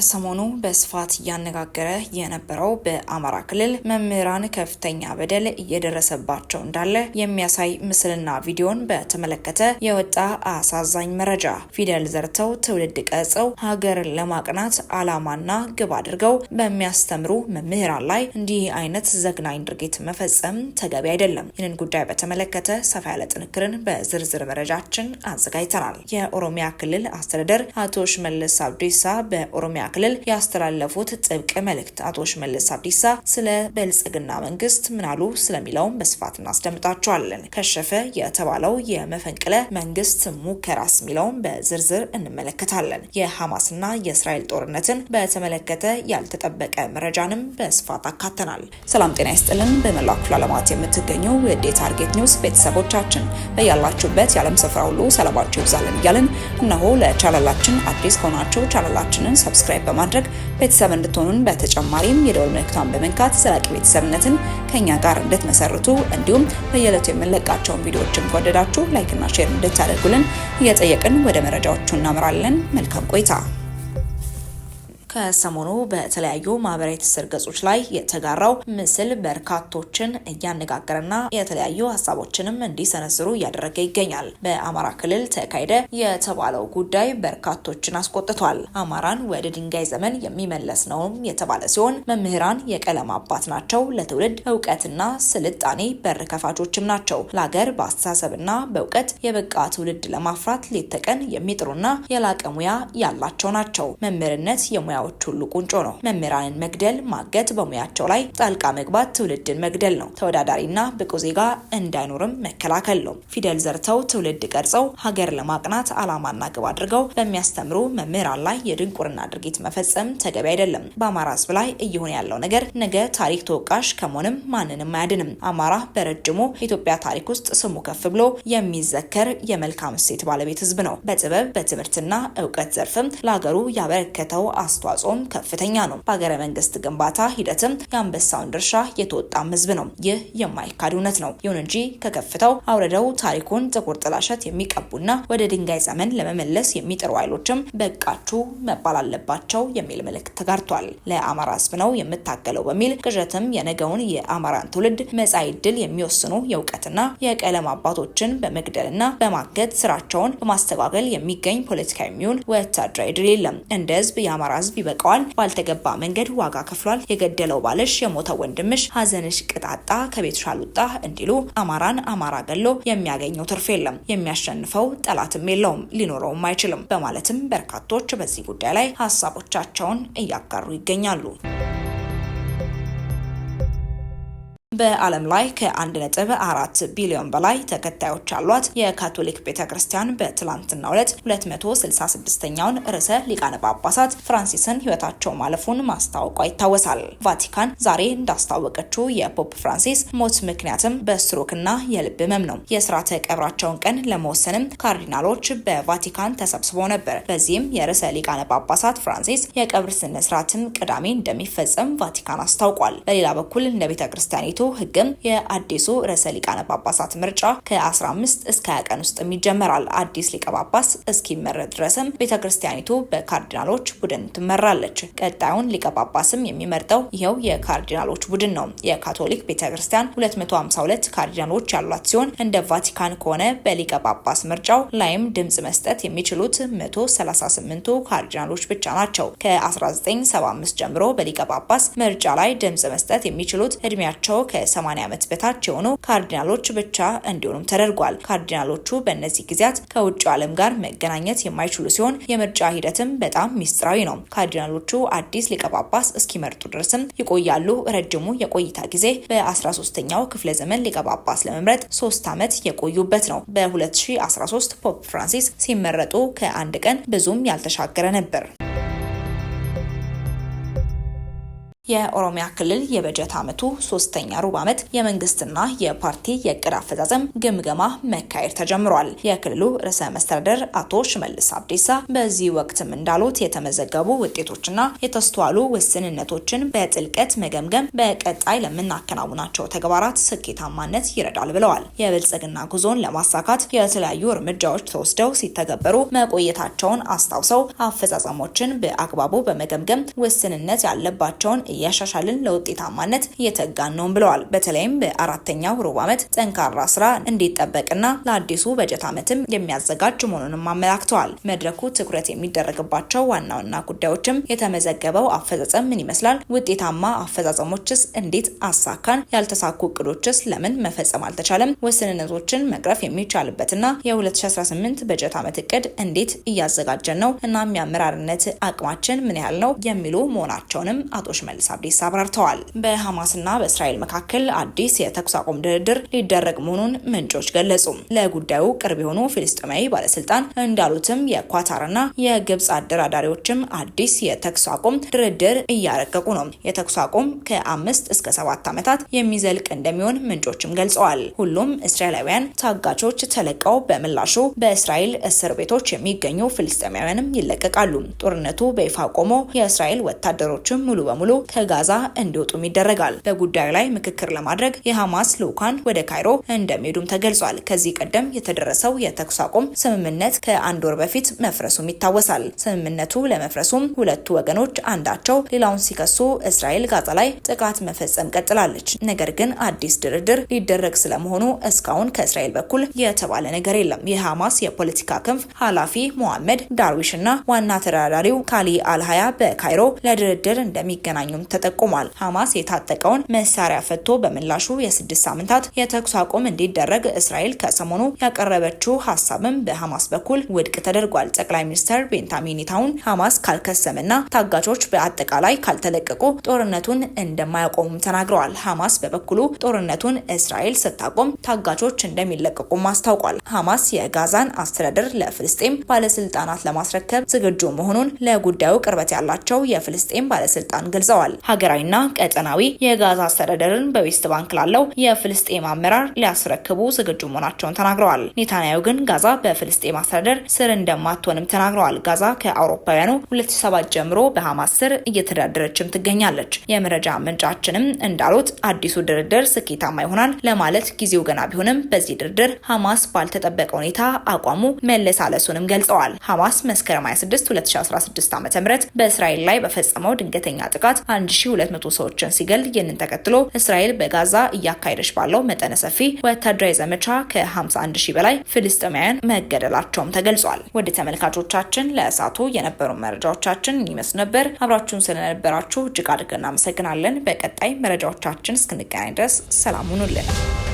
ከሰሞኑ በስፋት እያነጋገረ የነበረው በአማራ ክልል መምህራን ከፍተኛ በደል እየደረሰባቸው እንዳለ የሚያሳይ ምስልና ቪዲዮን በተመለከተ የወጣ አሳዛኝ መረጃ ፊደል ዘርተው ትውልድ ቀጸው ሀገርን ለማቅናት ዓላማና ግብ አድርገው በሚያስተምሩ መምህራን ላይ እንዲህ አይነት ዘግናኝ ድርጊት መፈጸም ተገቢ አይደለም። ይህንን ጉዳይ በተመለከተ ሰፋ ያለ ጥንክርን በዝርዝር መረጃችን አዘጋጅተናል። የኦሮሚያ ክልል አስተዳደር አቶ ሽመልስ አብዲሳ በኦሮሚያ ክልል ያስተላለፉት ጥብቅ መልእክት አቶ ሽመልስ አብዲሳ ስለ ብልጽግና መንግስት ምናሉ ስለሚለውም በስፋት እናስደምጣቸዋለን። ከሸፈ የተባለው የመፈንቅለ መንግስት ሙከራስ የሚለውም በዝርዝር እንመለከታለን። የሐማስና የእስራኤል ጦርነትን በተመለከተ ያልተጠበቀ መረጃንም በስፋት አካተናል። ሰላም ጤና ይስጥልን። በመላው ክፍለ ዓለማት የምትገኙ የዴ ታርጌት ኒውስ ቤተሰቦቻችን በያላችሁበት የዓለም ስፍራ ሁሉ ሰላማችሁ ይብዛልን እያልን እነሆ ለቻናላችን አዲስ ከሆናችሁ ቻናላችንን ሰብስክራይብ ሰብስክራይብ በማድረግ ቤተሰብ እንድትሆኑን በተጨማሪም የደወል ምልክቷን በመንካት ዘላቂ ቤተሰብነትን ከኛ ጋር እንድትመሰርቱ እንዲሁም በየዕለቱ የምንለቃቸውን ቪዲዮዎችን ከወደዳችሁ ላይክና ሼር እንድታደርጉልን እየጠየቅን ወደ መረጃዎቹ እናምራለን። መልካም ቆይታ ከሰሞኑ በተለያዩ ማህበራዊ ትስስር ገጾች ላይ የተጋራው ምስል በርካቶችን እያነጋገረና የተለያዩ ሀሳቦችንም እንዲሰነዝሩ እያደረገ ይገኛል። በአማራ ክልል ተካሄደ የተባለው ጉዳይ በርካቶችን አስቆጥቷል። አማራን ወደ ድንጋይ ዘመን የሚመለስ ነውም የተባለ ሲሆን መምህራን የቀለም አባት ናቸው፣ ለትውልድ እውቀትና ስልጣኔ በር ከፋቾችም ናቸው። ለሀገር በአስተሳሰብና በእውቀት የበቃ ትውልድ ለማፍራት ሌት ተቀን የሚጥሩና የላቀ ሙያ ያላቸው ናቸው። መምህርነት የሙያ ስራዎች ሁሉ ቁንጮ ነው። መምህራንን መግደል፣ ማገት፣ በሙያቸው ላይ ጣልቃ መግባት ትውልድን መግደል ነው። ተወዳዳሪና ብቁ ዜጋ እንዳይኖርም መከላከል ነው። ፊደል ዘርተው ትውልድ ቀርጸው ሀገር ለማቅናት አላማና ግብ አድርገው በሚያስተምሩ መምህራን ላይ የድንቁርና ድርጊት መፈጸም ተገቢ አይደለም። በአማራ ህዝብ ላይ እየሆነ ያለው ነገር ነገ ታሪክ ተወቃሽ ከመሆንም ማንንም አያድንም። አማራ በረጅሙ ኢትዮጵያ ታሪክ ውስጥ ስሙ ከፍ ብሎ የሚዘከር የመልካም እሴት ባለቤት ህዝብ ነው። በጥበብ በትምህርትና እውቀት ዘርፍም ለሀገሩ ያበረከተው አስተዋጽኦ አስተዋጽኦም ከፍተኛ ነው። በሀገረ መንግስት ግንባታ ሂደትም የአንበሳውን ድርሻ የተወጣም ህዝብ ነው። ይህ የማይካድ እውነት ነው። ይሁን እንጂ ከከፍታው አውርደው ታሪኩን ጥቁር ጥላሸት የሚቀቡና ወደ ድንጋይ ዘመን ለመመለስ የሚጥሩ ኃይሎችም በቃችሁ መባል አለባቸው የሚል መልእክት ተጋርቷል። ለአማራ ህዝብ ነው የምታገለው በሚል ቅዠትም የነገውን የአማራን ትውልድ መጻኢ ዕድል የሚወስኑ የእውቀትና የቀለም አባቶችን በመግደልና በማገት ስራቸውን በማስተጓገል የሚገኝ ፖለቲካዊ የሚሆን ወታደራዊ ድል የለም። እንደ ህዝብ የአማራ ህዝብ ይበቃዋል። ባልተገባ መንገድ ዋጋ ከፍሏል። የገደለው ባልሽ፣ የሞተው ወንድምሽ፣ ሀዘንሽ ቅጣጣ ከቤት ሻሉጣ እንዲሉ አማራን አማራ ገሎ የሚያገኘው ትርፍ የለም፣ የሚያሸንፈው ጠላትም የለውም፣ ሊኖረውም አይችልም በማለትም በርካቶች በዚህ ጉዳይ ላይ ሀሳቦቻቸውን እያጋሩ ይገኛሉ። በዓለም ላይ ከአንድ ነጥብ አራት ቢሊዮን በላይ ተከታዮች አሏት የካቶሊክ ቤተ ክርስቲያን በትላንትናው ዕለት 266ኛውን ርዕሰ ሊቃነ ጳጳሳት ፍራንሲስን ህይወታቸው ማለፉን ማስታወቋ ይታወሳል። ቫቲካን ዛሬ እንዳስታወቀችው የፖፕ ፍራንሲስ ሞት ምክንያትም በስትሮክና የልብ ህመም ነው። የስርዓተ ቀብራቸውን ቀን ለመወሰንም ካርዲናሎች በቫቲካን ተሰብስበው ነበር። በዚህም የርዕሰ ሊቃነ ጳጳሳት ፍራንሲስ የቀብር ስነ ቅዳሜ እንደሚፈጸም ቫቲካን አስታውቋል። በሌላ በኩል እንደ ቤተ ክርስቲያኒቱ ህግም የአዲሱ ርዕሰ ሊቃነ ጳጳሳት ምርጫ ከ15 እስከ 20 ቀን ውስጥም ይጀመራል። አዲስ ሊቀ ጳጳስ እስኪመረጥ ድረስም ቤተ ክርስቲያኒቱ በካርዲናሎች ቡድን ትመራለች። ቀጣዩን ሊቀ ጳጳስም የሚመርጠው ይኸው የካርዲናሎች ቡድን ነው። የካቶሊክ ቤተ ክርስቲያን 252 ካርዲናሎች ያሏት ሲሆን እንደ ቫቲካን ከሆነ በሊቀ ጳጳስ ምርጫው ላይም ድምጽ መስጠት የሚችሉት 138ቱ ካርዲናሎች ብቻ ናቸው። ከ1975 ጀምሮ በሊቀ ጳጳስ ምርጫ ላይ ድምጽ መስጠት የሚችሉት እድሜያቸው ከ ከ ዓመት በታች የሆኑ ካርዲናሎች ብቻ እንዲሆኑም ተደርጓል። ካርዲናሎቹ በእነዚህ ጊዜያት ከውጭ ዓለም ጋር መገናኘት የማይችሉ ሲሆን የምርጫ ሂደትም በጣም ሚስጥራዊ ነው። ካርዲናሎቹ አዲስ ሊቀ ጳጳስ እስኪመርጡ ድረስም ይቆያሉ። ረጅሙ የቆይታ ጊዜ በ13ኛው ክፍለ ዘመን ሊቀ ጳጳስ ለመምረጥ ሶስት ዓመት የቆዩበት ነው። በ2013 ፖፕ ፍራንሲስ ሲመረጡ ከአንድ ቀን ብዙም ያልተሻገረ ነበር። የኦሮሚያ ክልል የበጀት ዓመቱ ሶስተኛ ሩብ ዓመት የመንግስትና የፓርቲ የእቅድ አፈጻጸም ግምገማ መካሄድ ተጀምሯል። የክልሉ ርዕሰ መስተዳደር አቶ ሽመልስ አብዲሳ በዚህ ወቅትም እንዳሉት የተመዘገቡ ውጤቶችና የተስተዋሉ ውስንነቶችን በጥልቀት መገምገም በቀጣይ ለምናከናውናቸው ተግባራት ስኬታማነት ይረዳል ብለዋል። የብልጽግና ጉዞን ለማሳካት የተለያዩ እርምጃዎች ተወስደው ሲተገበሩ መቆየታቸውን አስታውሰው አፈጻጸሞችን በአግባቡ በመገምገም ውስንነት ያለባቸውን እያሻሻልን ለውጤታማነት እየተጋን ነውም ብለዋል። በተለይም በአራተኛው ሩብ ዓመት ጠንካራ ስራ እንዲጠበቅና ለአዲሱ በጀት ዓመትም የሚያዘጋጅ መሆኑንም አመላክተዋል። መድረኩ ትኩረት የሚደረግባቸው ዋና ዋና ጉዳዮችም የተመዘገበው አፈጻጸም ምን ይመስላል፣ ውጤታማ አፈጻጸሞችስ እንዴት አሳካን፣ ያልተሳኩ እቅዶችስ ለምን መፈጸም አልተቻለም፣ ውስንነቶችን መቅረፍ የሚቻልበትና የ2018 በጀት ዓመት እቅድ እንዴት እያዘጋጀን ነው፣ እናም የአመራርነት አቅማችን ምን ያህል ነው የሚሉ መሆናቸውንም አቶ ሽመልስ አብዲስ አብራርተዋል። በሐማስና በእስራኤል መካከል አዲስ የተኩስ አቁም ድርድር ሊደረግ መሆኑን ምንጮች ገለጹ። ለጉዳዩ ቅርብ የሆኑ ፊልስጥማዊ ባለስልጣን እንዳሉትም የኳታርና የግብፅ አደራዳሪዎችም አዲስ የተኩስ አቁም ድርድር እያረቀቁ ነው። የተኩስ አቁም ከአምስት እስከ ሰባት ዓመታት የሚዘልቅ እንደሚሆን ምንጮችም ገልጸዋል። ሁሉም እስራኤላውያን ታጋቾች ተለቀው በምላሹ በእስራኤል እስር ቤቶች የሚገኙ ፍልስጤማውያንም ይለቀቃሉ። ጦርነቱ በይፋ ቆሞ የእስራኤል ወታደሮችም ሙሉ በሙሉ ከጋዛ እንዲወጡም ይደረጋል። በጉዳዩ ላይ ምክክር ለማድረግ የሐማስ ልዑካን ወደ ካይሮ እንደሚሄዱም ተገልጿል። ከዚህ ቀደም የተደረሰው የተኩስ አቁም ስምምነት ከአንድ ወር በፊት መፍረሱም ይታወሳል። ስምምነቱ ለመፍረሱም ሁለቱ ወገኖች አንዳቸው ሌላውን ሲከሱ እስራኤል ጋዛ ላይ ጥቃት መፈጸም ቀጥላለች። ነገር ግን አዲስ ድርድር ሊደረግ ስለመሆኑ እስካሁን ከእስራኤል በኩል የተባለ ነገር የለም። የሐማስ የፖለቲካ ክንፍ ኃላፊ ሞሐመድ ዳርዊሽ እና ዋና ተደራዳሪው ካሊ አልሃያ በካይሮ ለድርድር እንደሚገናኙ መሆኑም ተጠቁሟል። ሐማስ የታጠቀውን መሳሪያ ፈቶ በምላሹ የስድስት ሳምንታት የተኩስ አቁም እንዲደረግ እስራኤል ከሰሞኑ ያቀረበችው ሀሳብም በሐማስ በኩል ውድቅ ተደርጓል። ጠቅላይ ሚኒስትር ቤንያሚን ኔታንያሁን ሐማስ ካልከሰምና ታጋቾች በአጠቃላይ ካልተለቀቁ ጦርነቱን እንደማያቆሙም ተናግረዋል። ሐማስ በበኩሉ ጦርነቱን እስራኤል ስታቆም ታጋቾች እንደሚለቀቁም አስታውቋል። ሐማስ የጋዛን አስተዳደር ለፍልስጤም ባለስልጣናት ለማስረከብ ዝግጁ መሆኑን ለጉዳዩ ቅርበት ያላቸው የፍልስጤም ባለስልጣን ገልጸዋል። ገልጸዋል። ሀገራዊና ቀጠናዊ የጋዛ አስተዳደርን በዌስት ባንክ ላለው የፍልስጤም አመራር ሊያስረክቡ ዝግጁ መሆናቸውን ተናግረዋል። ኔታንያሁ ግን ጋዛ በፍልስጤም አስተዳደር ስር እንደማትሆንም ተናግረዋል። ጋዛ ከአውሮፓውያኑ 2007 ጀምሮ በሐማስ ስር እየተዳደረችም ትገኛለች። የመረጃ ምንጫችንም እንዳሉት አዲሱ ድርድር ስኬታማ ይሆናል ለማለት ጊዜው ገና ቢሆንም በዚህ ድርድር ሐማስ ባልተጠበቀ ሁኔታ አቋሙ መለሳለሱንም ገልጸዋል። ሐማስ መስከረም 26 2016 ዓ ም በእስራኤል ላይ በፈጸመው ድንገተኛ ጥቃት 1200 ሰዎችን ሲገል ይህንን ተከትሎ እስራኤል በጋዛ እያካሄደች ባለው መጠነ ሰፊ ወታደራዊ ዘመቻ ከ51 ሺህ በላይ ፍልስጥማውያን መገደላቸውም ተገልጿል። ወደ ተመልካቾቻችን ለእሳቱ የነበሩ መረጃዎቻችን ይመስ ነበር። አብራችሁን ስለነበራችሁ እጅግ አድርገን እናመሰግናለን። በቀጣይ መረጃዎቻችን እስክንገናኝ ድረስ ሰላም ሁኑልን።